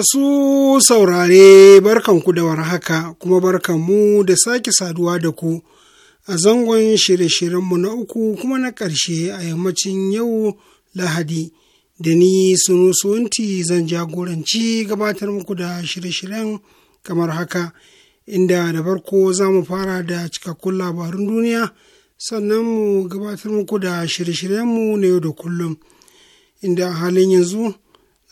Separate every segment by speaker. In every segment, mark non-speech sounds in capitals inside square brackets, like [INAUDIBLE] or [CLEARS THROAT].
Speaker 1: Masu saurare barkanku da warhaka kuma barkanmu da sake saduwa da ku a zangon shirye-shiryenmu na uku kuma na ƙarshe a yammacin yau Lahadi da ni sunusunti zan jagoranci gabatar muku da shirye-shiryen kamar haka inda da farko za mu fara da cikakkun labarun duniya sannan mu gabatar muku da shirye-shiryenmu na yau da kullum inda halin yanzu.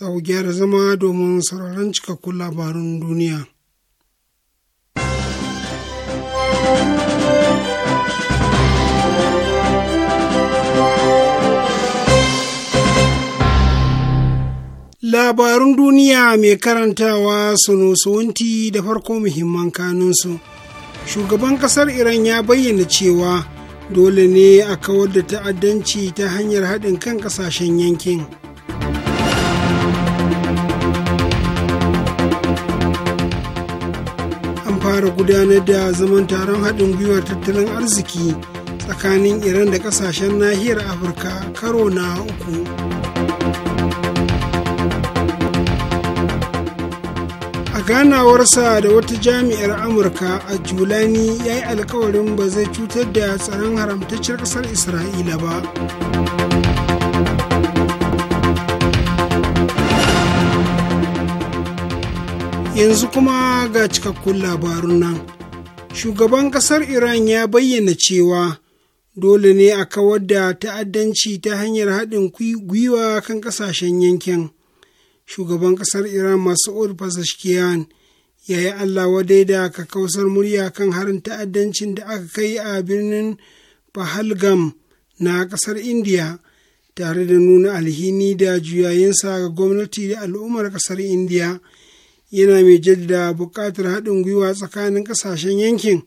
Speaker 1: za gyara zama domin sauraron cikakkun labarin duniya. Labarun duniya mai karantawa su suwanti da farko muhimman kanunsu. Shugaban ƙasar Iran ya bayyana cewa dole ne a kawar da ta'addanci ta hanyar haɗin kan ƙasashen yankin. an fara gudanar da zaman taron haɗin gwiwar tattalin arziki tsakanin iran da ƙasashen nahiyar afirka karo na uku a ganawarsa da wata jami'ar amurka a julani ya yi alkawarin ba zai cutar da tsaron haramtaccen ƙasar isra'ila ba yanzu kuma ga cikakkun labarun nan shugaban kasar iran ya bayyana cewa dole ne a kawar da ta'addanci ta hanyar haɗin gwiwa kan ƙasashen yankin shugaban kasar iran masu Pezeshkian ya yi allah wadai da kakausar murya kan harin ta'addancin da aka kai a birnin pahalgam na ƙasar india tare da nuna alhini da juyayensa ga gwamnati da al'ummar ƙasar india yana mai jaddada buƙatar haɗin gwiwa tsakanin ƙasashen yankin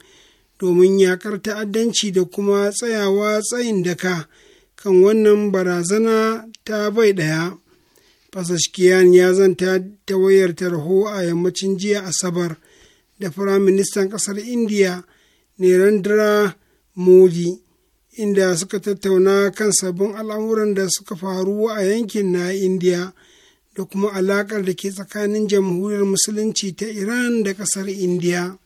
Speaker 1: domin yaƙar ta'addanci da kuma tsayawa tsayin daka kan wannan barazana ta bai ɗaya. Fasashkiyan ya zanta ta wayar tarho a yammacin jiya Asabar da Firaministan ƙasar Indiya Nerandra Modi, inda suka tattauna kan sabbin al'amuran da suka faru a yankin na Indiya. da kuma alaƙar da ke tsakanin jamhuriyar musulunci ta iran da ƙasar indiya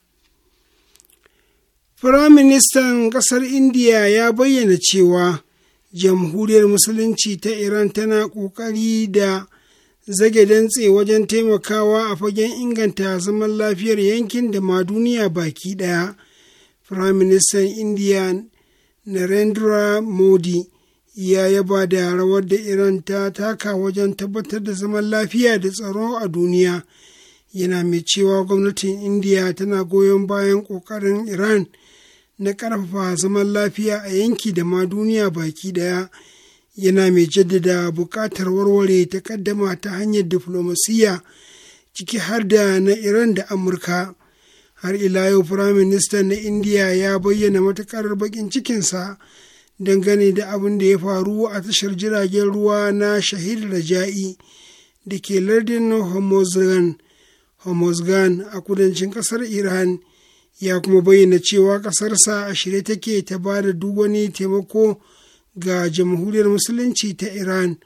Speaker 1: firaministan ƙasar indiya ya bayyana cewa jamhuriyar musulunci ta iran tana ƙoƙari da zage dantse wajen taimakawa a fagen inganta zaman lafiyar yankin da ma duniya baki ɗaya firaministan indiya narendra modi ya yaba da rawar da iran ta taka wajen tabbatar da zaman lafiya da tsaro a duniya yana mai cewa gwamnatin indiya tana goyon bayan ƙoƙarin iran na ƙarfafa zaman lafiya a yanki da ma duniya baki ɗaya yana mai jaddada buƙatar warware takaddama ta hanyar diflomasiyya ciki har da na iran da amurka har ila yau firaministan na indiya ya bayyana matuƙar baƙin cikinsa dangane da abin da ya faru a tashar jiragen ruwa na shahid raja'i da ke lardin homozgan a kudancin kasar iran ya kuma bayyana cewa kasarsa a shirye take ta ba da duk wani taimako ga jamhuriyar musulunci ta iran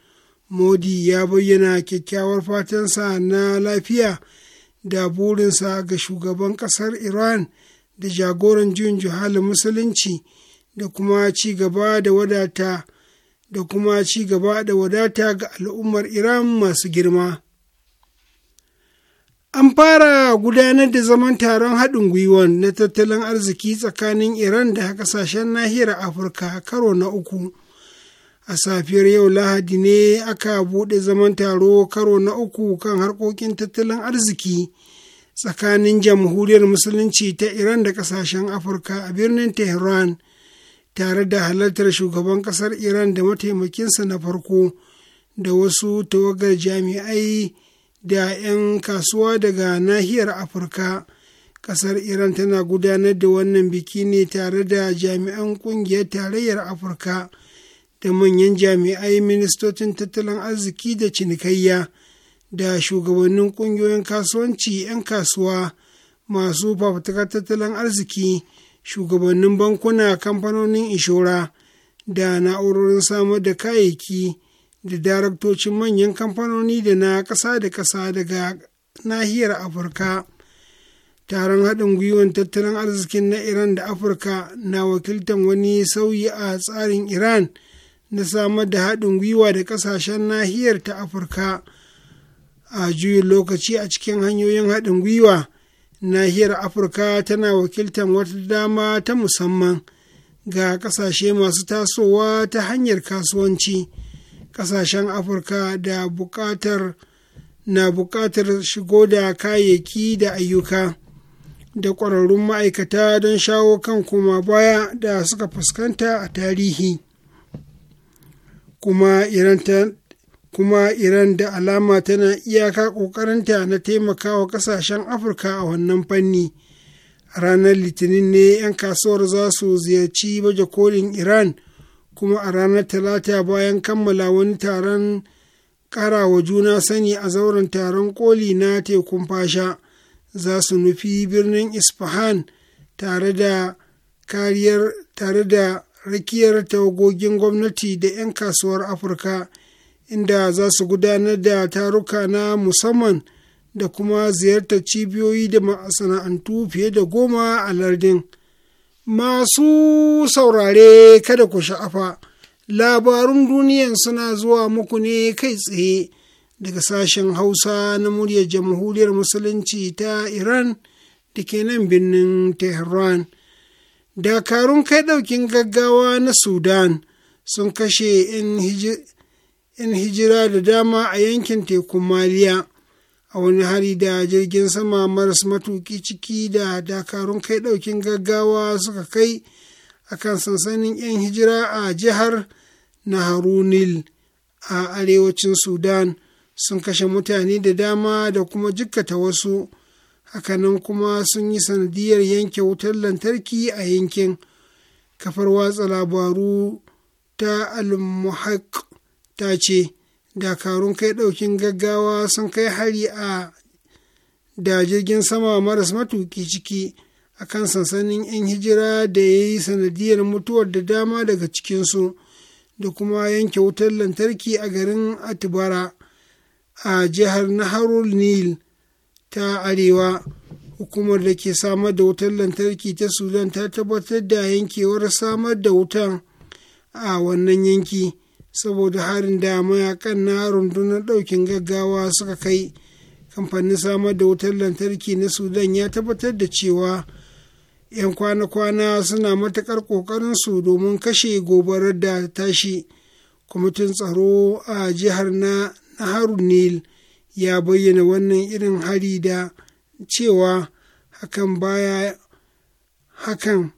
Speaker 1: modi ya bayyana kyakkyawar fatansa na lafiya da burinsa ga shugaban kasar iran da jagoran juyin juhalin musulunci da kuma ci gaba da wadata da kuma ci gaba da wadata ga al'ummar Iran masu girma. An fara gudanar da zaman taron haɗin gwiwa na tattalin arziki tsakanin Iran da ƙasashen nahiyar Afirka karo na uku. A safiyar yau Lahadi ne aka buɗe zaman taro karo na uku kan harkokin tattalin arziki tsakanin jamhuriyar Musulunci ta Iran da ƙasashen Afirka a birnin Tehran. tare da halartar shugaban ƙasar iran da mataimakinsa na farko da wasu tawagar jami'ai da 'yan kasuwa daga nahiyar afirka ƙasar iran tana gudanar da wannan biki ne tare da jami'an ƙungiyar tarayyar afirka da manyan jami'ai ministocin tattalin arziki da cinikayya da shugabannin ƙungiyoyin kasuwanci 'yan kasuwa masu fafutukar tattalin arziki shugabannin bankuna kamfanonin inshora da na'urorin samar da kayayyaki da daraktocin manyan kamfanoni da na ƙasa da ƙasa daga nahiyar afirka taron haɗin gwiwan tattalin arzikin na iran da afirka na wakiltan wani sauyi a tsarin iran na samar da haɗin gwiwa da ƙasashen nahiyar ta afirka a juyin lokaci a cikin hanyoyin haɗin gwiwa nahiyar afirka tana wakiltar wata dama ta musamman ga kasashe masu tasowa ta hanyar kasuwanci kasashen afirka da bukatar na buƙatar shigo da kayayyaki da ayyuka da ƙwararrun ma'aikata don shawo kan koma baya da suka fuskanta a tarihi kuma iran kuma Iran da alama tana iyaka ƙoƙarinta na taimakawa ƙasashen Afirka a wannan fanni. ranar Litinin ne 'yan kasuwar za su ziyarci baje kolin Iran kuma a ranar Talata bayan kammala wani taron ƙarawa juna sani a zauren taron koli na tekun fasha za su nufi birnin Isfahan tare da kariyar tare da rakiyar tawagogin gwamnati da 'yan kasuwar Afirka. inda za su gudanar da taruka na musamman da kuma ziyartar cibiyoyi da masana'antu fiye da goma a lardin. Masu saurare kada ku sha'afa, labarun duniyan suna zuwa muku ne kai tsaye daga sashen Hausa na muryar Jamhuriyar Musulunci ta Iran da ke nan birnin Tehran. Dakarun kai ɗaukin gaggawa na Sudan sun kashe 'yan hijira. 'yan hijira da dama a yankin tekun maliya a wani hari da jirgin sama maras matuki ciki da dakarun kai ɗaukin gaggawa suka kai a kan sansanin 'yan hijira a jihar naharunil a arewacin sudan sun kashe mutane da dama da kuma jikkata wasu hakanan kuma sun yi sanadiyar yanke wutar lantarki a yankin kafar watsa labaru ta al-muhaq ta ce dakarun kai ɗaukin gaggawa sun kai hari a da jirgin sama maras matuki ciki a kan sansanin 'yan hijira da ya yi sanadiyar mutuwar da dama daga cikinsu da kuma yanke wutar lantarki a garin atibara a jihar naharul nil ta arewa hukumar da ke samar da wutar lantarki ta sudan ta tabbatar da yankewar samar da wutan a wannan yanki saboda harin da mayakan na rundunar ɗaukin gaggawa suka kai kamfanin samar da wutar lantarki na sudan ya tabbatar da cewa 'yan kwana-kwana suna matuƙar su domin kashe gobarar da tashi kwamitin tsaro a jihar na harun nil ya bayyana wannan irin hari da cewa hakan baya hakan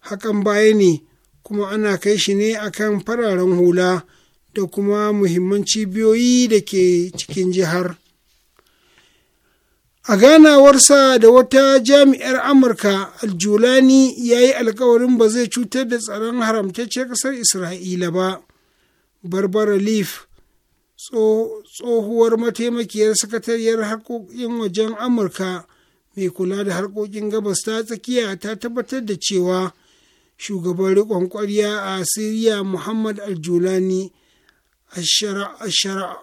Speaker 1: hakan baya ne kuma ana kai shi ne akan fararen hula da kuma muhimman cibiyoyi da ke cikin jihar a ganawarsa da wata jami'ar amurka aljulani ya yi alkawarin ba zai cutar da tsaron haramtacciyar ƙasar isra'ila ba barbara leaf tsohuwar mataimakiyar sakatariyar harkokin wajen amurka mai kula da harkokin gabas ta tsakiya ta tabbatar da cewa shugaban riƙon ƙwarya a siriya muhammad aljulani ashara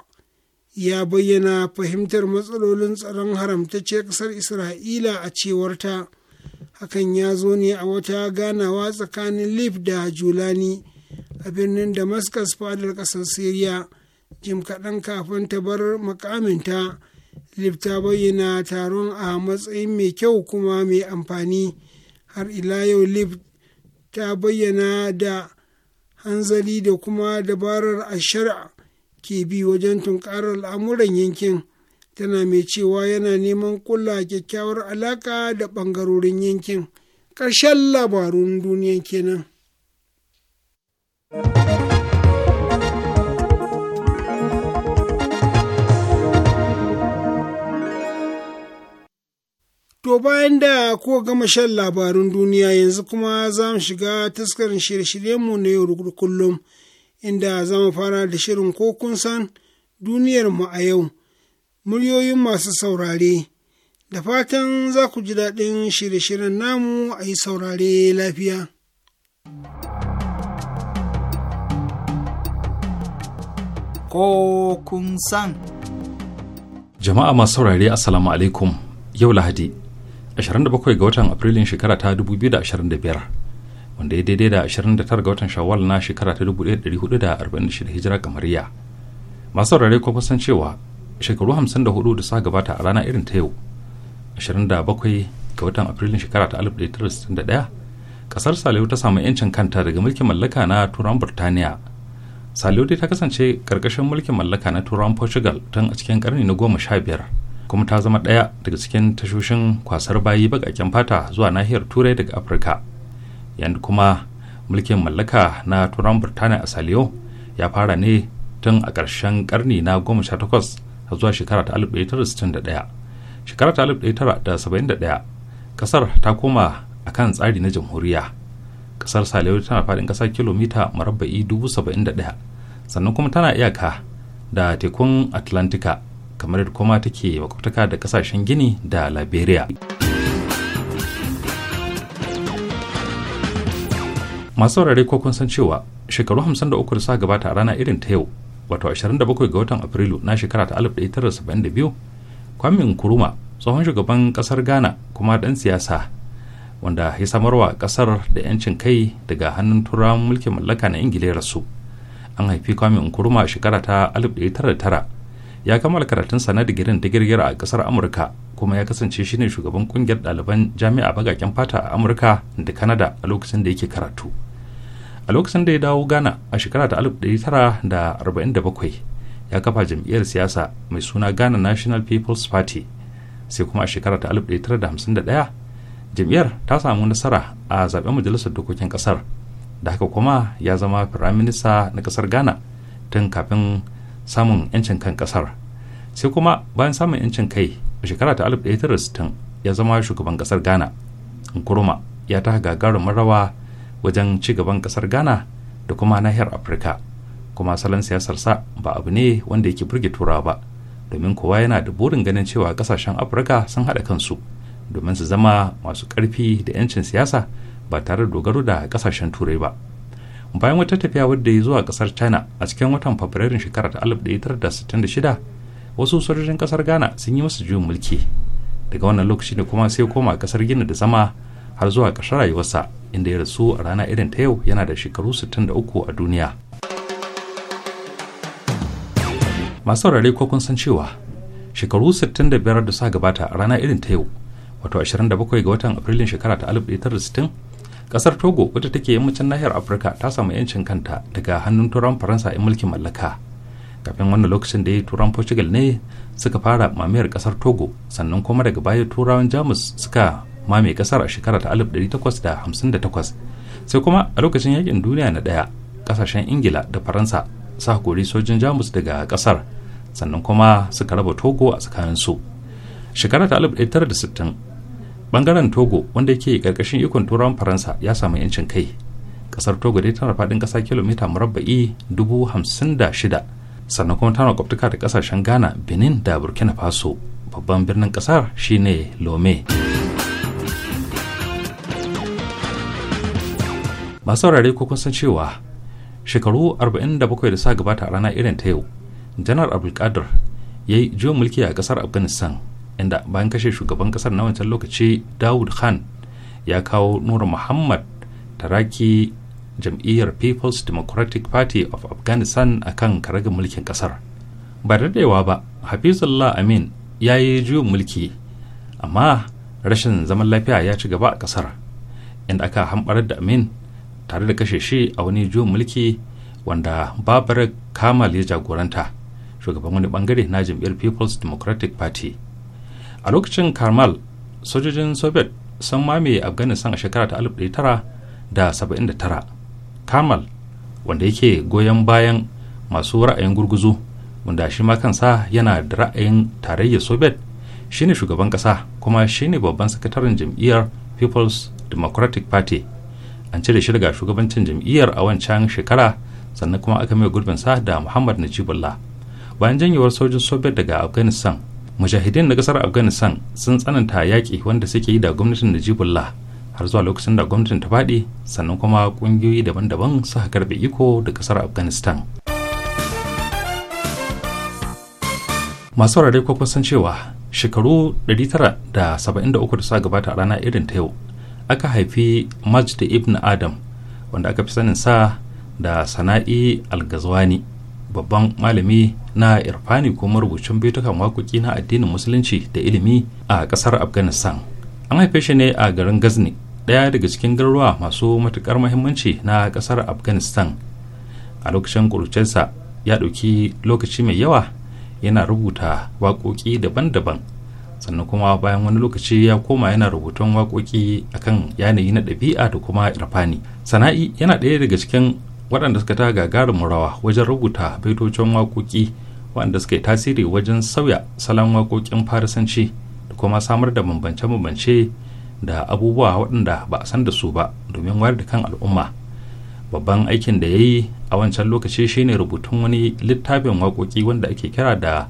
Speaker 1: ya bayyana fahimtar matsalolin tsaron haramtacce ƙasar isra'ila a cewarta hakan ya zo ne a wata ganawa tsakanin lif da julani a birnin damascus fadar ƙasar siriya jim kaɗan kafin ta bar makaminta lif ta bayyana taron a matsayin mai kyau kuma mai amfani har ila yau lif ta bayyana da hanzari da kuma dabarar ashara ke bi wajen tunkarar al'amuran yankin tana mai cewa yana neman kula kyakkyawar alaka da ɓangarorin yankin ƙarshen labarun duniya kenan. To bayan da ko gama shan labarun duniya yanzu kuma za mu shiga taskar shirye-shiryenmu na yau da kullum inda za mu fara da shirin ko kun san duniyarmu a yau muryoyin masu saurare da fatan za ku ji daɗin shirye-shiryen namu a yi saurare lafiya.
Speaker 2: Ko kun san.
Speaker 3: Jama'a masu saurare Assalamu alaikum yau Lahadi 27 ga watan Afrilun shekara ta 2025 wanda ya daidai da 29 ga watan Shawwal na shekara ta 1446 hijira kamariya. Masu rarrai ko kusan cewa shekaru 54 da sa gabata a rana irin ta yau 27 ga watan Afrilun shekara ta 1961 kasar Salihu ta samu 'yancin kanta daga mulkin mallaka na Turan Burtaniya. Salihu ta kasance karkashin mulkin mallaka na Turan Portugal tun a cikin karni na goma sha biyar. kuma ta zama ɗaya daga cikin tashoshin kwasar bayi baƙaƙen fata zuwa nahiyar turai daga afirka yadda kuma mulkin mallaka na turan burtaniya a saliyo ya fara ne tun a ƙarshen ƙarni na 18 zuwa shekara ta 1961 shekara ta 1971 kasar ta koma a kan tsari na jamhuriya kasar saliyo tana faɗin ƙasa kilomita marabba'i 71 sannan kuma tana iyaka da tekun atlantika kamar da kuma take makwabtaka da kasashen gini da liberia masu saurare ko kun san cewa shekaru 53 da suka gabata a rana irin ta yau wato 27 ga watan afrilu na shekara ta 1972 kwamin nkuruma tsohon shugaban kasar ghana kuma dan siyasa wanda ya samarwa kasar da 'yancin kai daga hannun turawan mulkin mallaka na ingila rasu an haifi kwamin nkuruma shekara ta 1909 ya kammala karatun na digirin ta girgira a kasar amurka kuma ya kasance shine shugaban kungiyar ɗaliban jami'a bagaken fata a amurka da kanada a lokacin da yake karatu a lokacin da ya dawo ghana a shekara ta 1947 ya kafa jam'iyyar siyasa mai suna ghana national people's party sai kuma a shekara ta 1951 jam'iyyar ta samu nasara a zaben majalisar dokokin kasar da haka kuma ya zama firaminista na kasar ghana tun kafin samun 'yancin kan kasar sai kuma bayan samun 'yancin kai a shekara ta 1960 ya zama shugaban kasar ghana nkuruma ya ta gagarumin rawa wajen ci gaban kasar ghana da kuma nahiyar afirka kuma salon siyasar sa ba abu ne wanda yake burge turawa ba domin kowa yana da burin ganin cewa kasashen afirka sun haɗa kansu domin su zama masu ƙarfi da 'yancin siyasa ba tare da dogaro da kasashen turai ba bayan wata tafiya wadda ya zuwa kasar china a cikin watan fabrairun shekarar 1966 wasu sojojin kasar ghana sun yi masa juyin mulki daga wannan lokaci ne kuma sai koma kasar gini da zama har zuwa ƙarshen rayuwarsa inda ya rasu a rana irin ta yau yana da shekaru 63 a duniya masu saurare ko kun san cewa shekaru 65 da suka gabata a rana irin ta yau wato 27 ga watan afrilun shekara ta 1960 kasar togo wadda take yammacin nahiyar afirka ta samu yancin kanta daga hannun turan faransa ya mulkin mallaka kafin wannan lokacin da ya turan portugal ne suka fara mamayar kasar togo sannan kuma daga baya turawan jamus suka mame kasar a shekara ta 1858 sai kuma a lokacin yakin duniya na daya kasashen ingila da faransa sa kori sojin jamus daga kasar sannan kuma suka raba togo a tsakaninsu shekara ta 1960 bangaren togo wanda yake karkashin ikon turawan faransa ya samu yancin kai kasar togo dai tana faɗin ƙasa kilomita murabba'i dubu hamsin da shida sannan kuma tana kwaftuka da ƙasashen ghana benin da burkina faso babban birnin ƙasar shine lome masu saurare ko kusan cewa shekaru 47 da sa gabata a rana irin ta yau janar abdulkadir ya yi jiwon mulki a ƙasar afghanistan inda bayan kashe shugaban kasar na wancan lokaci dawud khan ya kawo nura muhammad taraki jam'iyyar people's democratic party of afghanistan akan kan karagar mulkin kasar ba daɗewa ba hafizullah amin ya yi juyin mulki amma rashin zaman lafiya ya ci gaba a kasar inda aka hambarar da amin tare da kashe shi a wani juyin mulki wanda babar kamal ya jagoranta shugaban wani bangare na jam'iyyar people's democratic party a lokacin karmal sojojin soviet sun mamaye afghanistan a shekara ta 1979 karmal wanda yake goyon bayan masu ra'ayin gurguzu wanda shi ma kansa yana da ra'ayin tarayyar soviet shine shugaban kasa kuma shine babban sakataren jam'iyyar people's democratic party an cire shi daga shugabancin jam'iyyar a wancan shekara sannan kuma aka mai sa da muhammad najibullah bayan janyewar sojin soviet daga afghanistan mujahidin na kasar afghanistan sun tsananta yaƙi wanda suke yi da gwamnatin najibullah har zuwa lokacin da gwamnatin ta faɗi sannan kuma ƙungiyoyi daban-daban suka karɓe iko da kasar afghanistan masu rarrai kwakwa san cewa shekaru 973 da suka gabata a rana irin ta yau aka haifi majd ibn adam wanda aka fi sanin sa da sana'i al-gazwani babban malami na irfani ko marubucin baitukan waƙoƙi na addinin musulunci da ilimi a ƙasar afghanistan an haife shi ne a garin gazni ɗaya daga cikin garuruwa masu matuƙar muhimmanci na ƙasar afghanistan a lokacin ƙuruciyarsa ya ɗauki lokaci mai yawa yana rubuta waƙoƙi daban-daban sannan kuma bayan wani lokaci ya koma yana rubutun waƙoƙi akan yanayi na ɗabi'a da kuma irfani sana'i yana ɗaya daga cikin waɗanda suka ta gagarin rawa wajen rubuta baitocin waƙoƙi waɗanda suka yi tasiri wajen sauya salon waƙoƙin farisanci da kuma samar da bambance-bambance da abubuwa waɗanda ba a san da su ba domin wayar da kan al'umma babban aikin da ya yi a wancan lokaci shine rubutun wani littafin waƙoƙi wanda ake kira da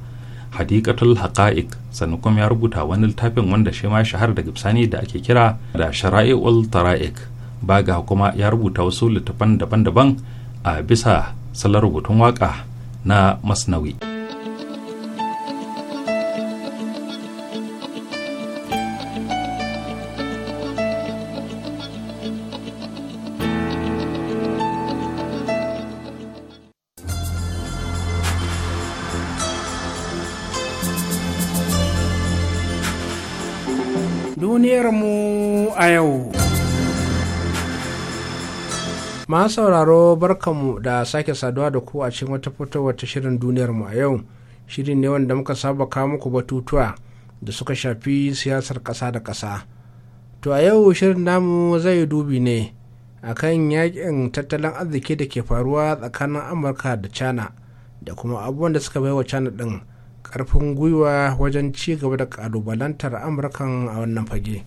Speaker 3: hadikatul haqa'iq sannan kuma ya rubuta wani littafin wanda shi ma shahar da bisani da ake kira da shara'i'ul tara'iq baga kuma ya rubuta wasu littafan daban-daban a bisa salar rubutun waka na masnawi
Speaker 4: duniyarmu a yau ma sauraro barkanmu da sake saduwa da ku a cikin wata fitowar ta shirin duniyar mu a yau shirin ne wanda muka saba kawo muku batutuwa da suka shafi siyasar kasa da kasa to a yau shirin namu zai dubi ne akan yakin tattalin arziki da ke faruwa tsakanin amurka da china da kuma abubuwan da suka bai wa china din karfin gwiwa wajen ci gaba da kalubalantar amurkan a wannan fage.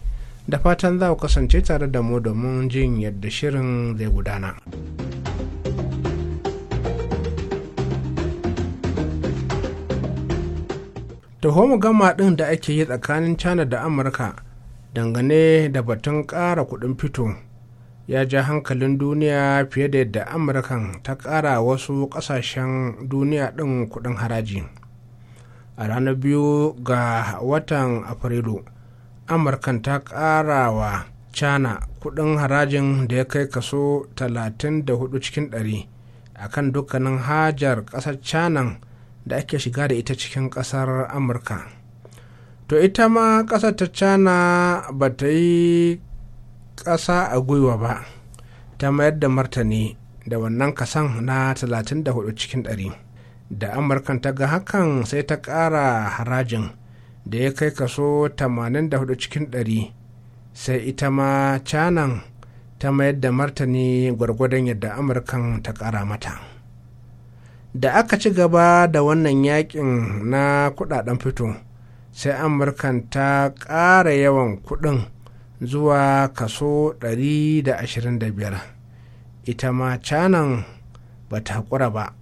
Speaker 4: da fatan za ku kasance tare da mu domin jin yadda shirin zai gudana. Tahomu gama ɗin da ake yi tsakanin China da Amurka dangane da batun ƙara kuɗin fito ya ja hankalin duniya fiye da yadda Amurkan ta ƙara wasu ƙasashen duniya ɗin kuɗin haraji. A ranar biyu ga watan Afrilu. amurkan ta wa china kudin harajin da ya kai kaso 34 cikin 100 a kan dukkanin hajar ƙasar china da ake shiga da ita cikin ƙasar amurka to ita ma ƙasar ta china ba ta yi ƙasa a gwiwa ba ta mayar da martani da wannan kasan na 34 cikin 100 da amurkan ta ga hakan sai ta ƙara harajin da ya kai kaso 84 cikin 100 sai ita ma canan ta mayar da martani gwargwadon yadda amurkan ta ƙara mata da aka ci gaba da wannan yakin na kudaden fito sai amurkan ta ƙara yawan kudin zuwa kaso 125 ita ma canan ba ta ba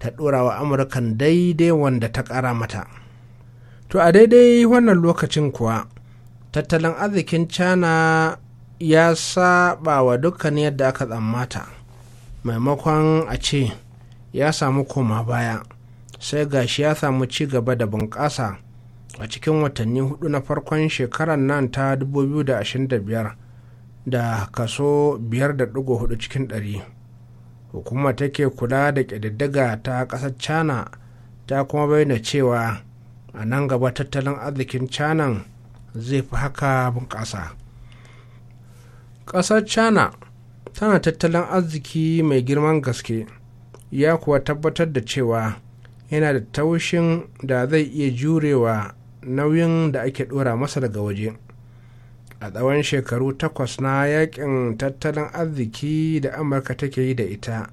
Speaker 4: ta ɗora wa amurkan daidai wanda ta ƙara mata to a daidai wannan lokacin kuwa tattalin arzikin Cana ya saba wa dukkan yadda aka tsammata maimakon a ce ya samu koma baya sai gashi ya samu ci gaba da bunƙasa a cikin watanni hudu na farkon shekarar nan ta 2025 da kaso 5.4 cikin ɗari. hukumar take kula da ƙididdiga ta ƙasar china ta kuma bayyana cewa a nan gaba tattalin arzikin china zai fi haka bunƙasa ƙasar china tana tattalin arziki mai girman gaske ya kuwa tabbatar da cewa yana da taushin da zai iya jurewa nauyin da ake ɗora masa daga waje a tsawon shekaru takwas na yakin tattalin arziki da amurka take yi da ita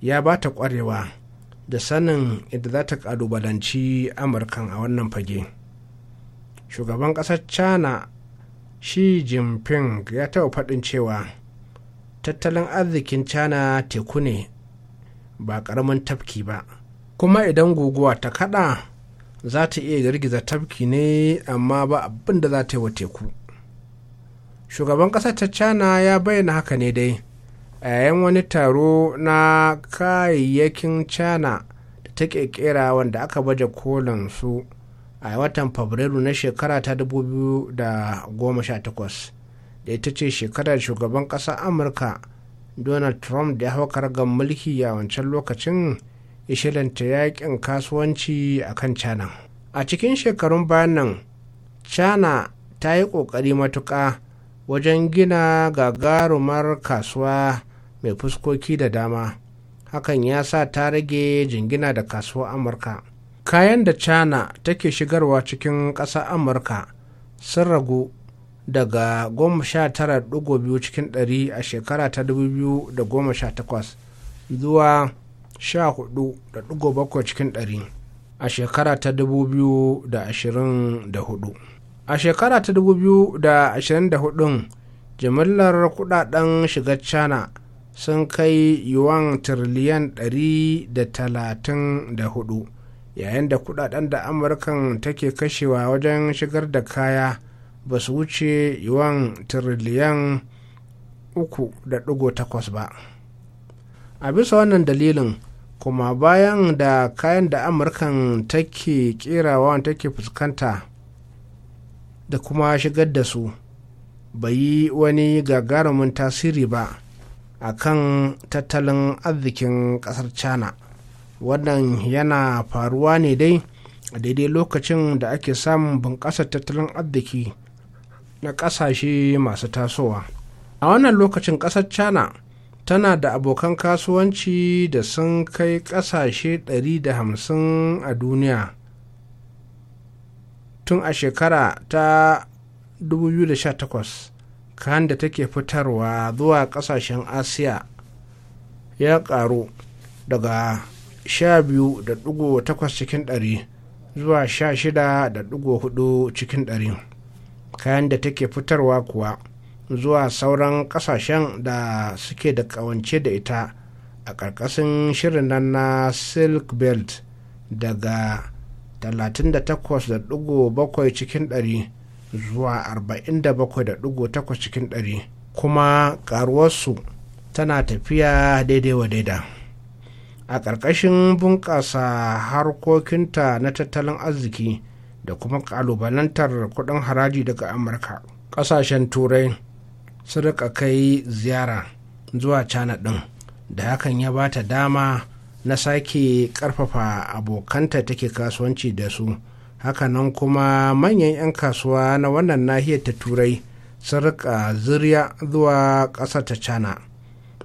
Speaker 4: ya ba ta ƙwarewa da sanin yadda za ta kalubalanci amurkan a wannan fage shugaban ƙasar china shi jinping ya taɓa faɗin cewa tattalin arzikin china teku ne ba ƙaramin tafki ba kuma idan guguwa ta kaɗa za ta iya girgiza tafki ne amma ba abin da za ta yi wa teku shugaban ƙasar ta china ya bayyana haka ne dai a yayin wani taro na kayayyakin china da ta kekera wanda aka baje kolin su a watan fabrairu na shekara ta 2018 da ita ce shekarar shugaban ƙasar amurka donald trump da ya hau kargan mulki a wancan lokacin ta yakin kasuwanci a kan china a cikin shekarun bayan nan china ta yi ƙoƙari matuƙa wajen gina gagarumar kasuwa mai fuskoki da dama hakan ya sa ta rage jingina da kasuwar amurka kayan da china take shigarwa cikin ƙasa amurka sun ragu daga 19.2 cikin 100 a shekara ta 2018 zuwa 14.7 cikin 100 a shekara ta 2024 a shekara ta 2024 jimillar kudaden shigar china sun kai yuwan tiriliyan 134 yayin da kudaden da amurkan take kashewa wajen shigar da kaya ba su wuce yuwan tiriliyan 3.8 ba a bisa wannan dalilin kuma bayan da kayan da amurkan take kerawa take fuskanta da kuma shigar da su bai yi wani gagarumin tasiri ba a kan tattalin arzikin ƙasar china wannan yana faruwa ne dai a daidai lokacin da ake samun bunƙasar tattalin arziki na ƙasashe masu tasowa a wannan lokacin ƙasar china tana da abokan kasuwanci da sun kai ƙasashe 150 a duniya tun a shekara ta 2018 kan da take fitarwa zuwa kasashen asiya ya karu daga 12.8 cikin ɗari zuwa 16.4 cikin kayan da take fitarwa kuwa zuwa sauran kasashen da suke da kawance da ita a ƙarƙashin shirin nan na silk belt daga 38.7 cikin zuwa 47.8 cikin ɗari kuma karuwarsu tana tafiya daidai wa daida a ƙarƙashin bunƙasa harkokinta na tattalin arziki da kuma ƙalubalantar kuɗin haraji daga amurka ƙasashen turai sun rika kai ziyara zuwa cana ɗin da hakan ya ba ta dama na sake ƙarfafa abokanta take kasuwanci da su hakanan kuma manyan 'yan kasuwa na wannan nahiyar ta turai sun rika zirya zuwa ƙasar ta china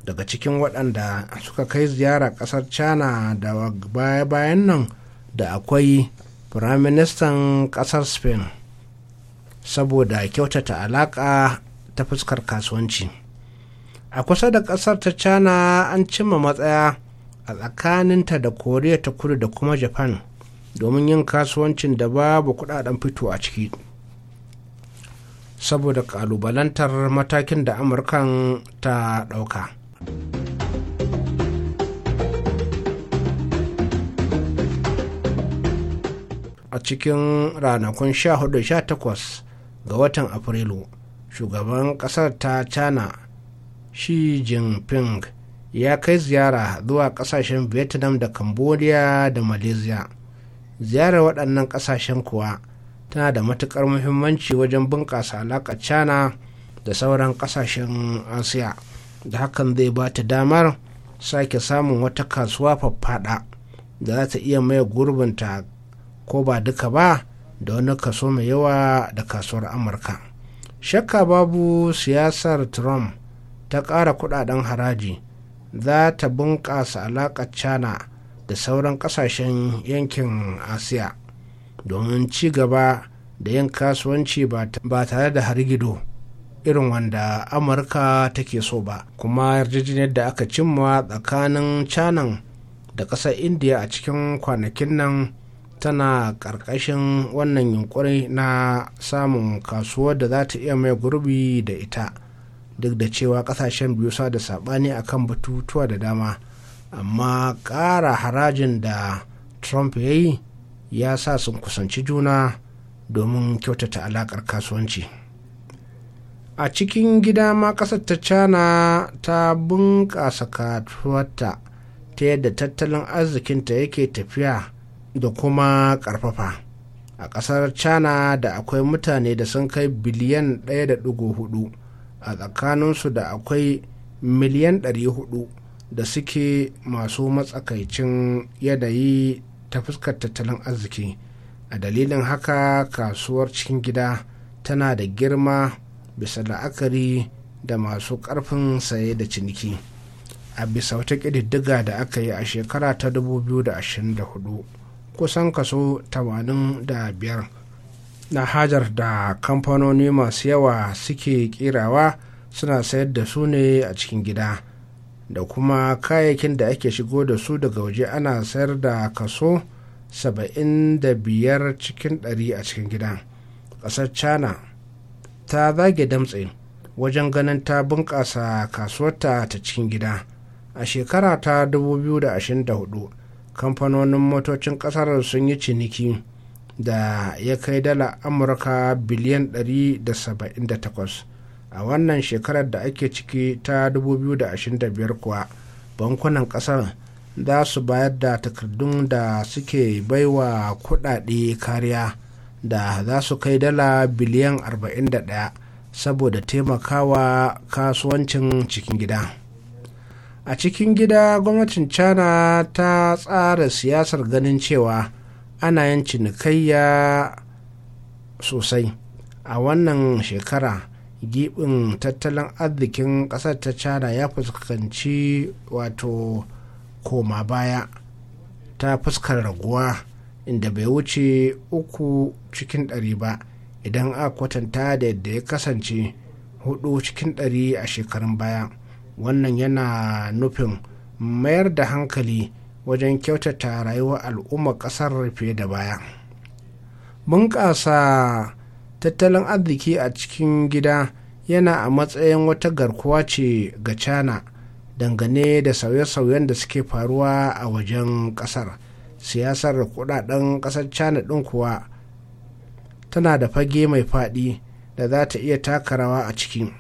Speaker 4: daga cikin waɗanda suka kai ziyara ƙasar china da baya-bayan nan da akwai firaministan ƙasar spain saboda kyautata alaƙa ta fuskar kasuwanci a kusa da ƙasar ta china an cimma matsaya a tsakaninta da koriya ta kudu da kuma japan domin yin kasuwancin da babu kudaden fito a ciki saboda kalubalantar matakin da amurkan ta dauka a cikin ranakun 14-18 ga watan afrilu shugaban kasar ta china shi jinping ya kai ziyara zuwa kasashen vietnam da cambodia da malaysia ziyarar waɗannan ƙasashen kuwa tana da matuƙar muhimmanci wajen bunƙasa alaƙa cana da sauran ƙasashen asiya da hakan zai ba ta damar sake samun wata kasuwa faffaɗa da za ta iya maye gurbinta ko ba duka ba da wani kaso mai yawa da kasuwar amurka shakka babu siyasar trump ta ƙara kuɗaɗen haraji za ta bunƙasa alaƙar china da sauran kasashen yankin asiya domin ci gaba da yin kasuwanci ba tare da hargido irin wanda amurka take so ba kuma yarjejeniyar da aka cimma tsakanin canan da ƙasar indiya a cikin kwanakin nan tana ƙarƙashin wannan yunkuri na samun kasuwar da za ta iya mai gurbi da ita duk da cewa ƙasashen biyu sa da saɓani akan batutuwa da dama amma ƙara harajin da trump ya yi ya sa sun kusanci juna domin kyautata alaƙar kasuwanci a cikin gida ma ƙasar ta cana ta bunƙasa katuwarta ta yadda tattalin arzikinta yake tafiya da kuma ƙarfafa a ƙasar cana da akwai mutane da sun kai biliyan 1.4 a tsakaninsu da akwai miliyan 400 da suke masu matsakaicin yanayi ta fuskar tattalin arziki a dalilin haka kasuwar cikin gida tana da girma bisa la'akari da masu ƙarfin saye da ciniki a bisa wata ƙididdiga da aka yi a shekara ta 2024 kusan kaso 85 na hajar da kamfanoni masu yawa suke kirawa suna sayar da su ne a cikin gida da kuma kayayyakin da ake shigo da su daga waje ana sayar da kaso 75 cikin 100 a cikin gida ƙasar china ta zage damtse wajen ganin ta bunƙasa kasuwarta ta cikin gida a shekara ta 2024 kamfanonin motocin ƙasar sun yi ciniki da ya kai dala amurka biliyan 178 a wannan shekarar da ake ciki ta 2025 kuwa bankunan kasar za su bayar da takardun da suke baiwa kudade kariya da za su kai dala biliyan 41 saboda taimakawa kasuwancin cikin gida a cikin gida gwamnatin china ta tsara siyasar ganin cewa ana yin cinikayya sosai a wannan shekara gibin tattalin arzikin ƙasar ta china ya fuskanci wato koma baya ta fuskar raguwa inda bai wuce uku cikin ɗari ba idan a kwatanta da yadda ya kasance hudu cikin ɗari a shekarun baya wannan yana nufin mayar da hankali wajen kyautata rayuwar al'ummar ƙasar fiye da baya bunƙasa tattalin arziki a cikin gida yana a matsayin wata garkuwa ce ga cana dangane da sauye-sauyen da suke faruwa a wajen kasar siyasar kudaden kasar cana din kuwa tana da fage mai faɗi da za ta iya taka rawa a cikin,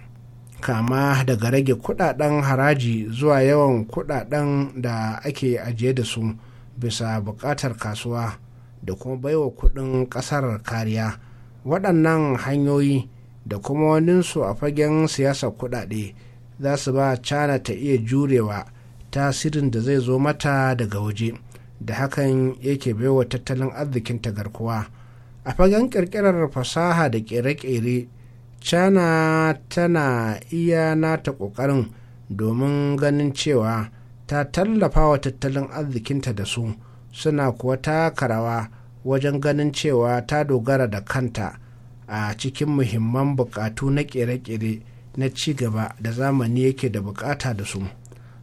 Speaker 4: kama daga rage kudaden haraji zuwa yawan kudaden da ake ajiye da su bisa buƙatar kasuwa da kuma baiwa kudin ƙasar kariya waɗannan hanyoyi da kuma waninsu a fagen siyasar kuɗaɗe za su ba cana ta iya jurewa tasirin da zai zo mata daga waje da hakan yake baiwa tattalin arzikin ta garkuwa a fagen ƙirƙirar fasaha da ƙere-ƙere cana tana iya nata ƙoƙarin domin ganin cewa ta tallafa wa tattalin arzikinta da su suna kuwa taka rawa wajen ganin cewa ta dogara da kanta a cikin muhimman bukatu na kere-kere na cigaba da zamani yake da bukata da su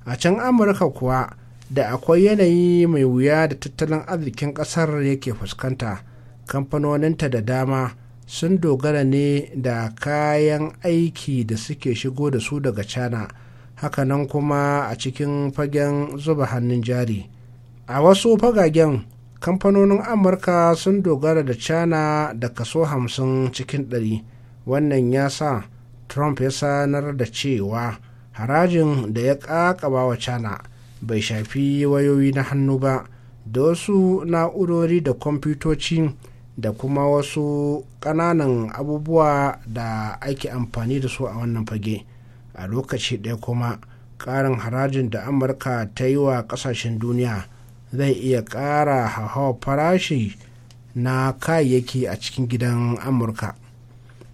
Speaker 4: a can amurka kuwa da akwai yanayi mai wuya da tattalin arzikin kasar yake fuskanta kamfanoninta da dama sun dogara ne da kayan aiki da suke shigo da su daga cana hakanan kuma a cikin fagen zuba hannun jari a wasu fagagen kamfanonin amurka sun dogara da china da kaso 50 cikin 100 wannan ya sa trump ya sanar da cewa harajin da ya kakaba wa china bai shafi wayoyi na hannu ba da wasu na'urori da kwamfutoci da kuma wasu kananan abubuwa da ake amfani da su a wannan fage a lokaci ɗaya kuma ƙarin harajin da amurka ta yi wa ƙasashen duniya zai iya ƙara hawa farashi na kayayyaki a cikin gidan amurka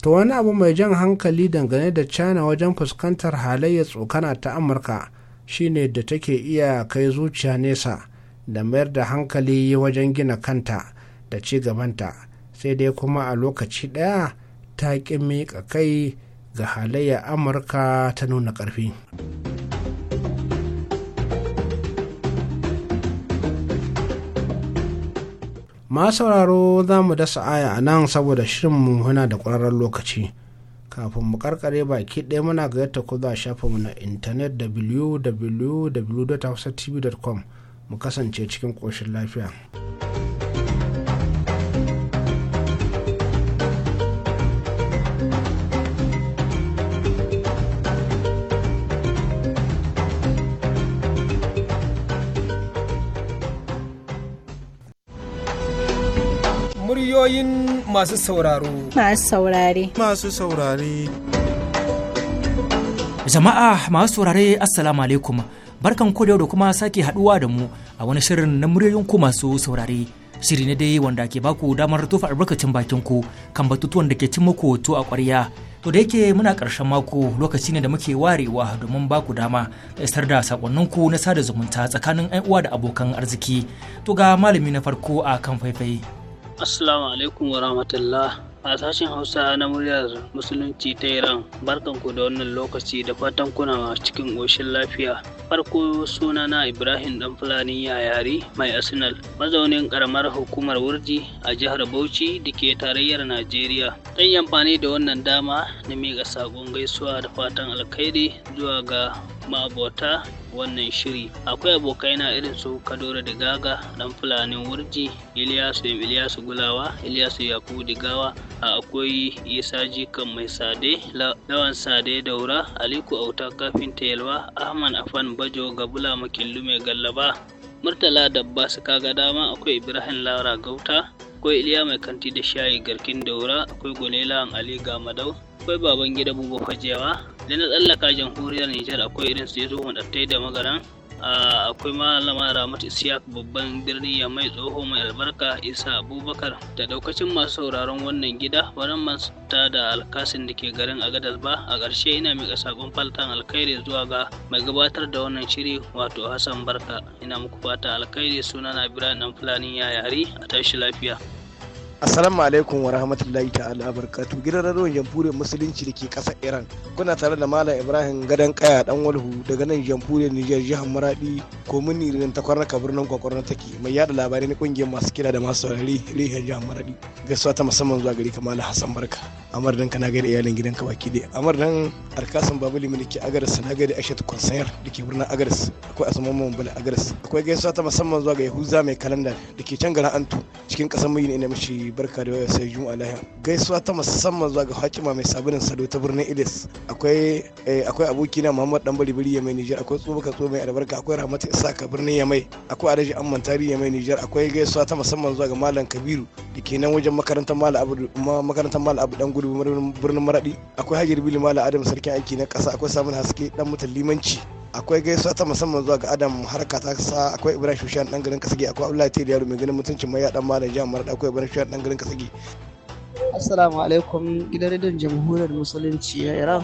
Speaker 4: to wani abu mai jan hankali dangane da china wajen fuskantar halayyar tsokana ta amurka shine da take iya kai zuciya nesa da mayar da hankali wajen gina kanta da ci gabanta sai dai kuma a lokaci daya ta ƙi miƙa kai ga halayyar amurka ta nuna ƙarfi. ma sauraro za mu dasa aya a nan saboda shirinmu yana da ƙwararren lokaci kafin mu karkare baki ɗaya muna ga yadda ku za mu na intanet www.hausatv.com mu kasance cikin ƙoshin lafiya.
Speaker 1: masu sauraro. Masu saurare. Masu
Speaker 2: saurare. Jama'a masu saurare Assalamu alaikum. Barkan ku da kuma sake haduwa da mu a wani shirin na muryoyin ku masu saurare. Shiri ne dai wanda ke baku damar tufa albarkacin bakin ku kan batutuwan da ke cin muku to a ƙwarya. To da yake muna ƙarshen mako lokaci ne da muke warewa domin baku dama da isar da sakonninku na sada zumunta tsakanin 'yan uwa da abokan arziki. To ga malami na farko a kan faifai.
Speaker 5: Assalamu alaikum wa rahmatullah. A sashen Hausa na muryar Musulunci ta Iran, barkanku da wannan lokaci da fatan kuna cikin ƙoshin lafiya. Farko sunana Ibrahim Dan Fulani Yayari mai Arsenal, mazaunin karamar hukumar Wurji a jihar Bauchi da ke tarayyar Najeriya. Dan yi amfani da wannan dama na miƙa saƙon gaisuwa da fatan alkhairi zuwa ga ma'abota wannan shiri akwai abokai na irin su kadoro da gaga dan fulanin wurji iliyasu iliyasu gulawa iliyasu yakubu digawa A akwai isa jikan mai sade lawan sade daura aliku auta kafin yalwa Ahmad afan bajo gabula makillu mai gallaba murtala dabba su kaga dama akwai ibrahim lara gauta akwai iliya mai kanti da shayi garkin daura akwai gulela ali gamadau akwai baban gida buba fajewa idan na tsallaka jamhuriyar nijar akwai irin su yazo madattai da magana, akwai malama ramat isiyak babban birni ya mai tsoho mai albarka isa abubakar da daukacin masu sauraron wannan gida baran manta da alkasin da ke garin agadas ba a ƙarshe ina mika sabon faltan alkhairi zuwa ga mai gabatar da wannan shiri wato hassan barka ina muku fata alkhairi suna na biranen fulani yayari a tashi lafiya
Speaker 6: Assalamu alaikum wa rahmatullahi ta'ala barkatu gidan radon jamhuriyar musulunci da ke ƙasar Iran. Kuna tare da Malam Ibrahim Gadan Kaya dan Walhu daga nan jamhuriyar Nijar jihar Maradi komuni rin ta kwarraka birnin kwakwarna take mai yada labarai na kungiyar masu kira da masu saurari rihiyar jihar Maradi. Gaisuwa ta musamman zuwa gari kamar Hassan Barka. Amar dan kana gaida iyalin gidan ka baki dai. Amar dan Arkasan Babali ke Agaris na gari Aishat Konsayar da ke birnin Agaris. Akwai Asuman Mambala Agaris. Akwai gaisuwa ta musamman zuwa ga Yahuza mai kalanda da ke can garin Antu cikin ƙasar Mayin ina mishi alheri barka da waya sai juma'a lahiya gaisuwa ta musamman zuwa ga hakima mai sabunin sado ta birnin ilis akwai eh, akwai aboki na muhammad dan bari bari yamai nijar akwai tsobaka tso mai albarka akwai rahmatu isaka birnin yamai akwai adaji amman tari yamai nijar akwai gaisuwa ta musamman zuwa ga malam kabiru da ke nan wajen makarantar malam abu makarantar malam abu dan gudu birnin maradi akwai hajjar bili malam adam sarkin aiki na ƙasa akwai samun haske dan mutan limanci akwai gaisuwa ta musamman zuwa ga adam harka ta kasa akwai ibrahim shushan dan garin kasige akwai abdullahi tiri yaro mai ganin mutuncin mai dan malam jihar marada akwai ibrahim shushan dan garin kasige
Speaker 7: assalamu alaikum gidan rediyon jamhuriyar musulunci ya iran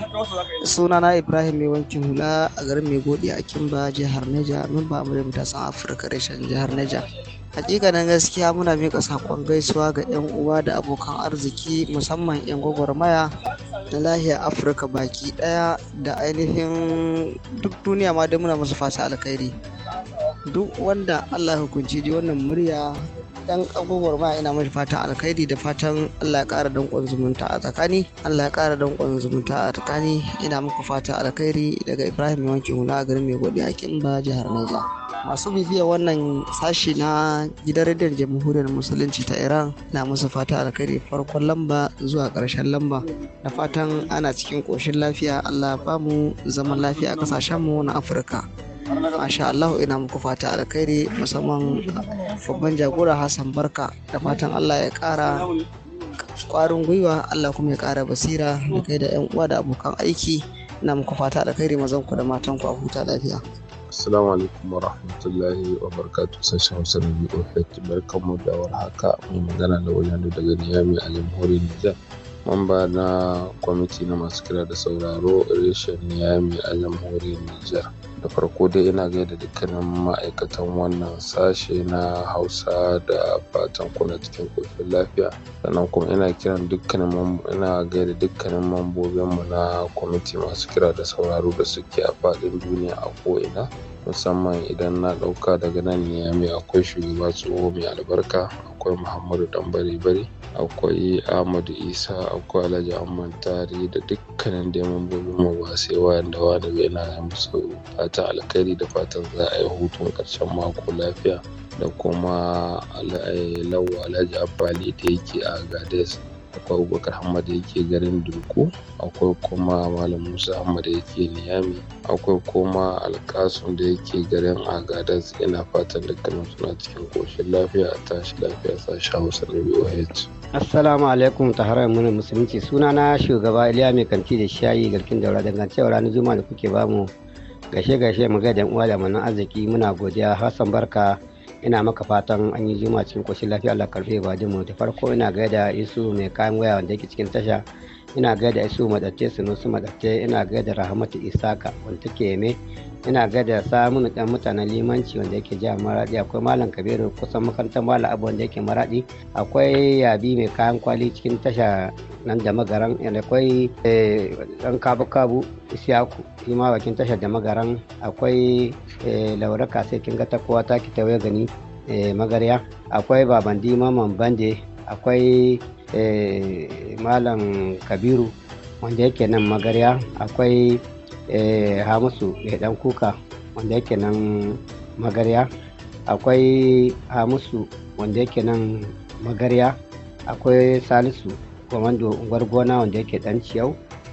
Speaker 7: sunana ibrahim mai wankin hula a garin mai godi a kimba jihar neja mun ba mu da mutasan afirka reshen jihar neja hakikanin gaskiya muna mika sakon gaisuwa ga 'yan uwa da abokan arziki musamman 'yan gwagwarmaya na lahiyar afirka baki ɗaya da ainihin duk duniya ma da muna masu fasa alkhairi duk wanda allah hukunci ji wannan murya dan agogor ma ina mashi fatan alkhairi da fatan Allah ya kara dankon zumunta a tsakani Allah ya kara dankon zumunta a tsakani ina muku fatan alkhairi daga Ibrahim Yawanki Huna garin Mai Godi a Kimba jihar Niger masu bibiya wannan sashi na gidan rediyon jamhuriyar musulunci ta Iran na musu fata alkhairi farkon lamba zuwa karshen lamba da fatan ana cikin koshin lafiya Allah ya mu zaman lafiya a kasashenmu na Afirka masha Allah ina muku fata alkhairi musamman babban jagora Hassan Barka da fatan Allah ya ƙara kwarin gwiwa Allah kuma ya kara basira da kai da 'yan uwa da abokan aiki ina muku fata alkhairi mazan ku da matan ku a huta lafiya.
Speaker 8: Assalamu alaikum wa rahmatullahi wa barakatuh sashen Hassan na BOH mu da warhaka mai magana da wani daga Niyami a jamhuriyar Nijar. Mamba na kwamiti na masu kira da sauraro reshen Niyami a jamhuriyar Nijar. da farko dai ina gaida dukkanin ma'aikatan wannan sashe na hausa da fatan kuna cikin kofin lafiya sannan kuma ina kiran dukkanin ina gaida dukkanin mambobinmu na kwamiti masu kira da sauraro da suke a faɗin duniya a ko'ina musamman idan na ɗauka daga nan niyami akwai shugaba tsoho mai albarka akwai muhammadu ɗan bari bari akwai ahmadu isa akwai alhaji amman tari da dukkanin da mambobin mu ba sai wayanda wani bai na musu fatan alkhairi da fatan za a yi hutun ƙarshen mako lafiya da kuma eh, alhaji abali da yake a gades akwai abubakar hamad da yake garin durko akwai kuma malam musa hamad da yake niyami akwai kuma alkasun da yake garin agadas ina fatan dukkanin suna cikin koshin lafiya a tashi lafiya sashen hausa na boh
Speaker 9: assalamu alaikum ta harar muna musulunci suna na shugaba iliya mai kanti da shayi garkin daura dangancewa ranar juma'a da kuke bamu gashe-gashe mu ga uwa da manan arziki muna godiya hassan barka ina maka fatan an yi juma cikin koshin lafiya Allah karfe ba mu. da farko ina da isu mai kayan waya wanda yake cikin tasha ina gaida isu madatte sunusu madatte ina da rahmatu isaka wanda take mai. ina gaida samun ɗan mutanen limanci wanda yake jihar maradi akwai malam kabiru kusan makarantar malam abu wanda yake maradi akwai yabi mai kayan kwali cikin tasha nan da magaran akwai eh, ɗan kabu kabu isiyaku ima bakin tashar da magaran akwai eh, laura kasai kin ga takowa ta ki tawaye gani eh, magarya akwai baban man bande akwai malam kabiru wanda yake nan magarya akwai Eh, hamisu ya eh, dan kuka wanda yake nan magarya akwai hamisu wanda yake nan magarya akwai salisu kwamando unguwar gona wanda yake dan ciyau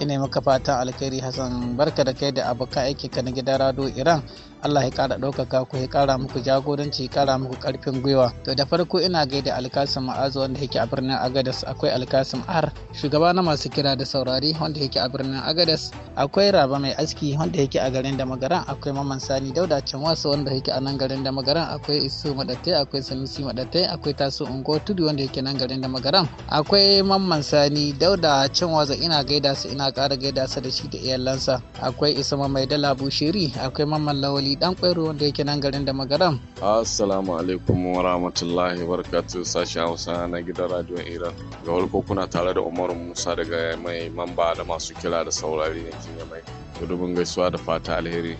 Speaker 10: ina maka fatan alkhairi hassan barka da kai da abokan aiki ka na gidan rado iran Allah ya kara ɗaukaka ku ya kara muku jagoranci ya kara muku karfin gwiwa to da farko ina gaida alkasim ma'azu wanda yake a birnin agadas akwai alkasim ar shugaba na masu kira da saurari wanda yake a birnin agadas akwai raba mai aski wanda yake a garin da magaran akwai maman sani dauda canwasu wanda yake a nan garin da magaran akwai isu madatai akwai sanusi madatai akwai tasu ungo tudu wanda yake nan garin da magaran akwai mamman sani dauda canwaza ina gaida su ina kara gaida su da shi da iyalansa akwai isa mai dala bushiri akwai mamman lawali Dan Kwairo wanda yake nan garin da magaram.
Speaker 11: Assalamu alaikum wa rahmatullahi barkatu sashi Hausa na gidan Radio Iran. Ga wani kuna tare da Umaru Musa daga mai mamba da masu kira da saurari yankin mai. Gudubin gaisuwa da fata alheri.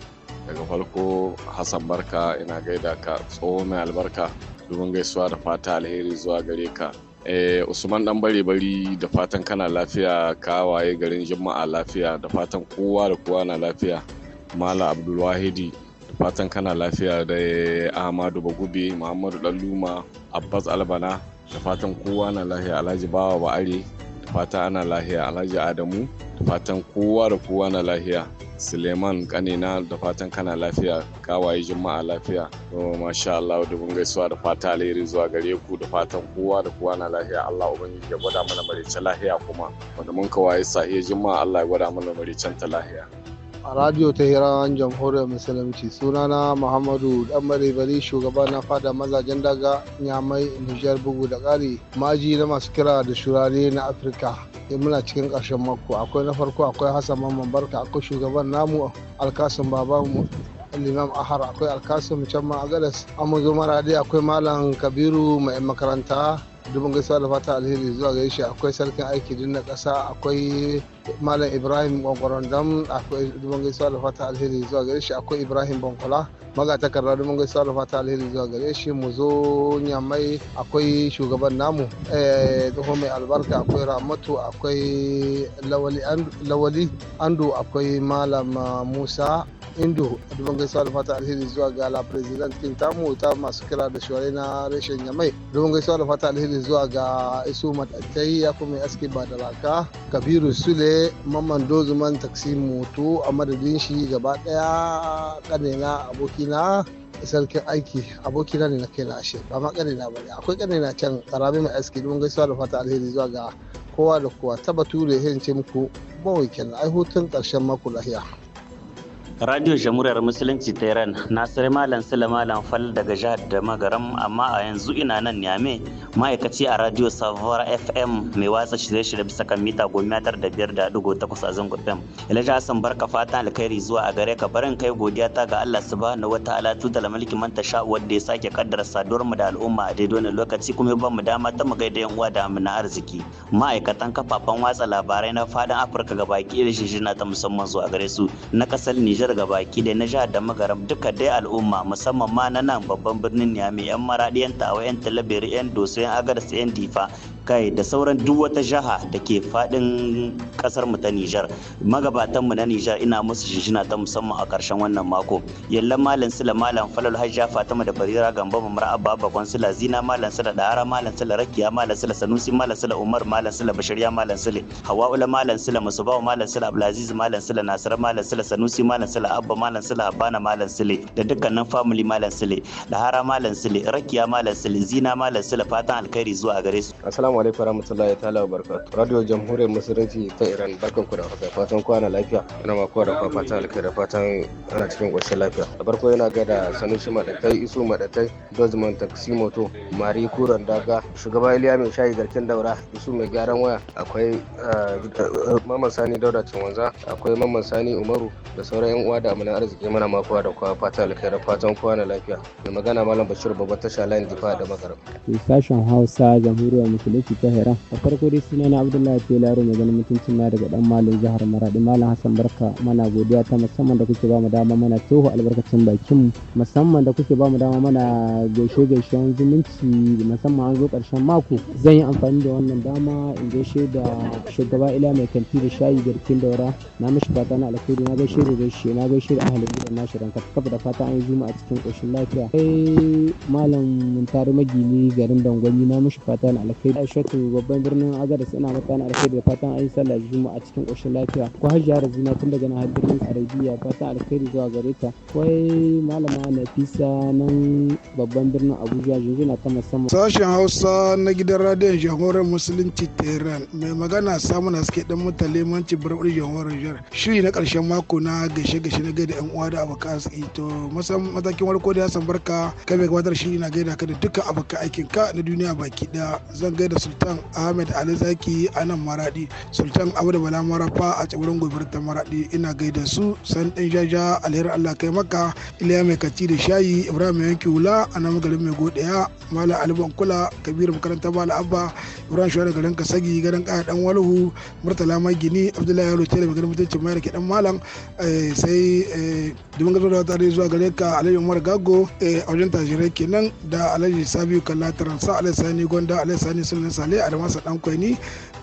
Speaker 11: Daga farko Hassan Barka ina gaida ka tsoho mai albarka. Gudubin gaisuwa da fata alheri zuwa gare ka. Eh, usman dan bari bari da fatan kana lafiya ka waye garin juma'a lafiya da fatan kowa da kowa na lafiya mala abdulwahidi fatan kana lafiya da ahmadu bagube muhammadu ɗanluma abbas albana da fatan kowa na lafiya alhaji bawa ba'ari da fata ana lafiya alhaji adamu da fatan kowa da kowa na lafiya suleiman kanina da fatan kana lafiya kawaye juma'a lafiya oh, masha Allah da mun gaisuwa da fata alheri zuwa gare ku da fatan kowa da kowa na lafiya Allah ubangiji ya gwada mana maricin lafiya kuma wanda mun kawaye sahiya juma'a Allah ya gwada mana maricin ta lafiya
Speaker 12: a radio ta hiran jamhuriyar musulunci sunana muhammadu dan bari shugaba na fada mazajen daga nyamai nijar bugu da ƙari maji na masu kira da shurare na afirka In eh, muna cikin ƙarshen mako akwai na farko akwai hassan mamman barka akwai shugaban namu alkasin babanmu limam ahar akwai alkasim can ma agadas amurzu maradi akwai malam kabiru mai makaranta dubin gaisuwa da fata alheri zuwa gare shi akwai sarkin aiki din na kasa akwai malam ibrahim kwankwaron akwai dubin gaisuwa da fata alheri zuwa gare shi akwai ibrahim bankola magatakarda dubin gaisuwa da fata alheri zuwa gare shi mu zo nyamai akwai shugaban namu eh, tsohon mai albarka akwai ramatu akwai lawali andu akwai malam ah, musa indo dubban gaisuwa da alheri zuwa ga la president king tamu ta masu kira da shuwarai na reshen yamai dubban gaisuwa da fata alheri zuwa ga isu matattai ya kuma aski ba da laka kabiru sule mamman dozuman taksi moto a madadin shi gaba daya kanina abokina sarkin aiki abokina ne na kai na ashe ba ma kanina ba akwai kanina can karami mai aski dubban gaisuwa da fata alheri zuwa ga kowa da kowa ta da ya ce muku bon weekend ai hutun karshen mako lahiya
Speaker 13: Radio Jamhuriyar Musulunci Tehran na sai Malam Sule Malam Fal daga jihar da Magaram amma a yanzu ina nan Niame ma'aikaci a Radio Savar FM mai watsa shirye-shirye bisa kan mita goma tar da biyar da dugo takwas a zango FM. Ilaja Hassan barka fatan alkhairi zuwa a gare ka barin kai godiya ta ga Allah subhanahu wa ta'ala tutal mulki manta sha wanda ya sake kaddara saduwar mu da al'umma a daidai wannan lokaci kuma ya ba mu dama ta mu gaida yan uwa da mu na arziki. Ma'aikatan kafafen watsa labarai na fadan Afirka gabaki da shirye na ta musamman zuwa gare su na kasar Nijar Nijar gabaki da na jihar da magaram duka dai al'umma musamman ma na nan babban birnin Niamey yan maradi yan tawa yan talabiri yan doso yan agadas yan difa kai da sauran duk wata jaha da ke faɗin kasar mu ta Nijar. Magabatan mu na Nijar ina musu shishina ta musamman a ƙarshen wannan mako. Yallan Malam Sula Malam Falal Hajja Fatima da Barira Gambo Mamra Abba Bakon Sula Zina Malam Sula Dahara Malam Sula Rakiya Malam Sula Sanusi Malam Sula Umar Malam Sula Bashirya Malam Sule Hawa'ula Malam Sula Musubawa Malam Sula Abdulaziz Malam Sula Nasir Malam Sula Sanusi Malam Sula Abba Malam Sula Abana Malam Sule da dukkanin family Malam Sule Dahara Malam Sule Rakiya Malam Sule Zina Malam Sula fatan alkhairi zuwa gare su. Assalamu Assalamu alaikum warahmatullahi
Speaker 6: ta'ala barakatu. Radio Jamhuriyar Musulunci ta Iran barkan ku da haka fatan kwana lafiya. Ina ma kowa da fatan alkai da fatan ana cikin ƙoshin lafiya. Da farko yana ga da Sanusi Madatai, Isu Madatai, Dozman Taksimoto, Mari Kuran Daga, Shugaba Iliya Mai Shayi Garkin Daura, Isu Mai Gyaran Waya, akwai eh, Mamman Sani Dauda Cinwanza, akwai Mamman Sani Umaru da sauran 'yan uwa da amanan arziki mana ma kowa da kwa, fatan alkai da fatan kwana lafiya. Mai magana Malam Bashir Babban Tasha Layin Difa da Magaram.
Speaker 10: Sashen Hausa Jamhuriyar Musulunci musulunci ta Iran. a farko dai suna na Abdullahi Felaro mai ganin mutuncin na daga dan Malam zahar Maradi Malam Hassan Barka mana godiya ta musamman da kuke ba mu dama mana toho albarkacin bakin mu musamman da kuke ba mu dama mana gaishe gaishen zumunci musamman an zo karshen mako. Zan yi amfani da wannan dama in gaishe da shugaba Ila mai kanti da shayi garkin daura na mishi fata na alkhairi na gaishe da gaishe na gaishe da ahalin gidan nashi ranka kafa da fata an yi a cikin koshin lafiya. Kai malam Muntari Magini garin Dangwani na mishi fata na alkhairi Sokoto babban birnin Agadez ina mata na alkhairi da fatan ayi yi sallah juma'a cikin ƙoshin lafiya ko hajji yara zina tun daga nan birnin Arabiya fatan alkhairi zuwa gare ta kai malama Nafisa nan babban birnin Abuja jinjina ta musamman sashen
Speaker 14: Hausa na gidan radiyon jamhuriyar musulunci Tehran mai magana samu na suke dan mutale manci barbar jamhuriyar Jihar shiri na karshen mako na gashe-gashe na gaida yan uwa da abokan arziki to matakin warko da ya san barka kai mai gabatar shiri na gaida ka da dukkan abokan aikin ka na duniya baki daya zan gaida sultan ahmed ali zaki a nan maradi sultan abu bala marafa a tsibirin gobir ta maradi ina gaida su san dan jaja alheri allah kai maka iliya mai kati da shayi ibrahim ya yanki hula a nan garin mai godaya mala alban kula kabir makaranta bala abba ibrahim shawara garin kasagi garin kaya dan walhu murtala mai gini abdullahi yalo tele mai garin mutuncin mayar ke dan malam eh, sai domin gazo da tare zuwa gare ka alayyu umar gago eh, a wajen tashirai kenan da alayyu sabiu kalla taransa alayyu sani gonda alayyu sani sunan sale a dan kwaini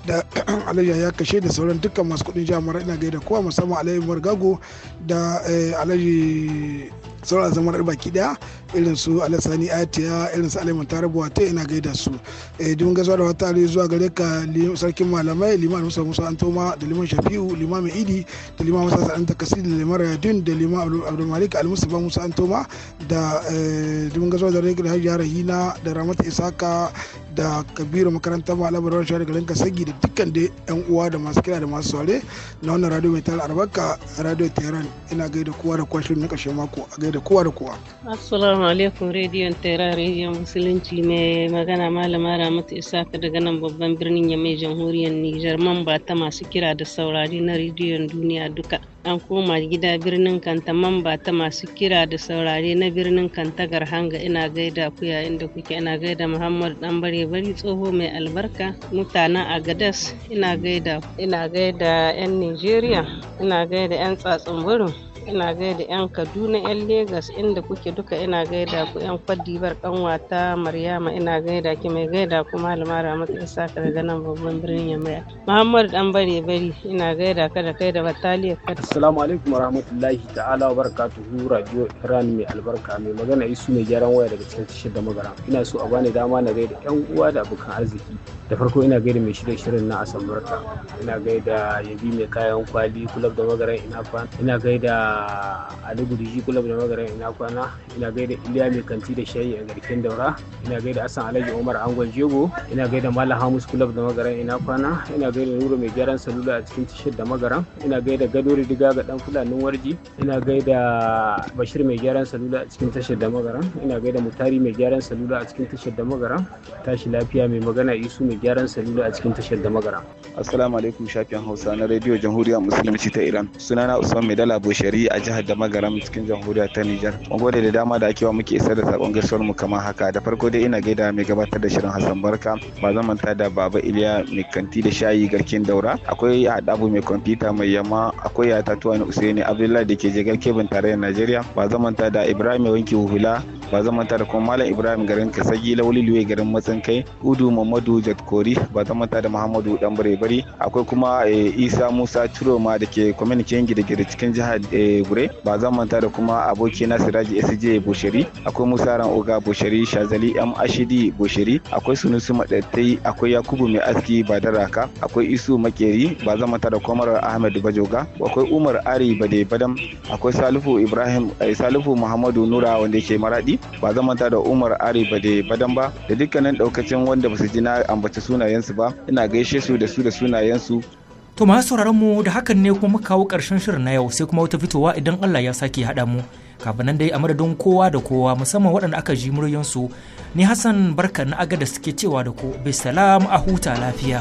Speaker 14: da [CLEARS THROAT] alayya ya kashe da sauran dukkan masu kudin jami'ar ina gaida kowa musamman alayyi margago da eh, alayyi sauran zamar baki daya irin su alasani atiya irin su alimin tarabuwa ta ina gaida su eh, dubin gaisuwa da wata alayhi zuwa gare ka sarkin malamai liman musa musa antoma da liman shafi'u liman mai idi da liman musa sa'an takasiri da liman rayadun da liman abdulmalik almusufa musa antoma da eh, dubin gaisuwa da rai da hajiya rahina da ramata isaka da kabiru makarantar malabar rashin da garin kasagi da dukkan da yan uwa da masu kira da masu saurare na wannan radio mai tara albarka radio tehran ina gaida kowa da kwashin na ƙarshen mako a Da kowa da kowa.
Speaker 7: Assalamu alaikum rediyon tera rediyon musulunci mai magana malama Ramatu Isaka daga nan babban birnin Yamai jamhuriyar Nijar ba ta masu kira da saurari na rediyon duniya duka. An koma gida birnin Kanta ba ta masu kira da saurari na birnin Kanta Garhanga ina gaida ku yayin da kuke ina gaida Muhammad dan bare bari tsoho mai albarka mutanen Agadas ina gaida ina gaida 'yan Nijeriya ina gaida 'yan tsatsun burin ina gaida 'yan kaduna 'yan Legas inda kuke duka ina gaida ku 'yan kwadibar kanwata maryama ina gaida ki mai gaida ku malama ramatu isa daga nan babban birnin yamaya muhammad dan bare bari ina gaida ka da kai da bataliya ka assalamu alaikum
Speaker 10: warahmatullahi ta'ala wa barakatuhu radio iran mai albarka mai magana isu mai gyaran waya daga cikin tashar da magara ina so a bani dama na gaida 'yan uwa da abokan arziki da farko ina gaida mai shirye shirin na asambarka ina gaida yabi mai kayan kwali kulab da magaran ina gaida a Ali Gurji kula da Magaran ina kwana ina gaida Iliya Mai Kanti da Shayi a garkin Daura ina gaida Asan Alhaji Umar Angon Jego ina gaida Malam Hamus kula da Magaran ina kwana ina gaida Nuru Mai Gyaran Salula a cikin tashar da Magaran ina gaida Gado Diga ga dan Fulanin Warji ina gaida Bashir Mai Gyaran Salula a cikin tashar da Magaran ina gaida Mutari Mai Gyaran Salula a cikin tashar da Magaran tashi lafiya mai magana Isu Mai Gyaran Salula a cikin tashar da Magaran Assalamu alaikum shafin Hausa na
Speaker 15: Radio Jamhuriyar Musulunci ta Iran sunana Usman Maidala Bushari yi a jihar da magaram cikin jamhuriya ta Nijar. Mun gode da dama da ake wa muke isar da sakon gaisuwar mu kamar haka. Da farko dai ina gaida mai gabatar da shirin Hassan Barka, ba zan manta da Baba Iliya mai kanti da shayi garkin daura, akwai Adabu mai kwamfuta mai yamma, akwai Yatatuwa Usaini Abdullahi da ke jigar kebin tarayyar Najeriya, ba zan manta da Ibrahim wanki huhula ba zan manta da kuma malam ibrahim garin kasagi lauli luwe garin matsin kai udu mamadu jatkori ba zan manta da muhammadu dan bare akwai kuma eh, isa musa turoma da ke kwamitin gida cikin jihar eh, gure ba zan manta da kuma aboki na siraji sj bushiri akwai musa ran oga bushiri shazali m ashidi bushiri akwai sunusu madattai akwai yakubu mai aski badaraka akwai isu makeri ba zan manta da kuma ahmed bajoga akwai umar ari bade badam akwai salifu ibrahim eh, salifu muhammadu nura wanda yake maradi ba zan manta da Umar Ari da Badan ba da dukkanin daukacin wanda ba su ji na ambaci sunayensu ba ina gaishe su da su da sunayensu
Speaker 2: To masu sauraron mu da hakan ne kuma kawo karshen shirin na yau sai kuma wata fitowa idan Allah ya sake haɗa mu. Kafin nan dai a madadin kowa da kowa musamman waɗanda aka ji muryansu ni Hassan barka na aga da suke cewa da ku bisalam a huta lafiya.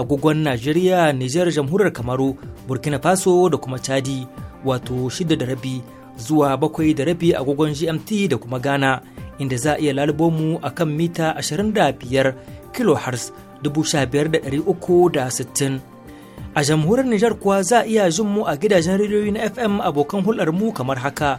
Speaker 2: agogon Najeriya, Nijar jamhuriyar Kamaru, Burkina Faso da kuma Chadi wato shida da rabi zuwa bakwai da rabi agogon GMT da kuma Ghana inda za a iya lalubo mu a kan mita 25 kHz 15,360. A jamhuriyar Nijar kuwa za a iya jin mu a gidajen rediyoyi na FM abokan hulɗar mu kamar haka.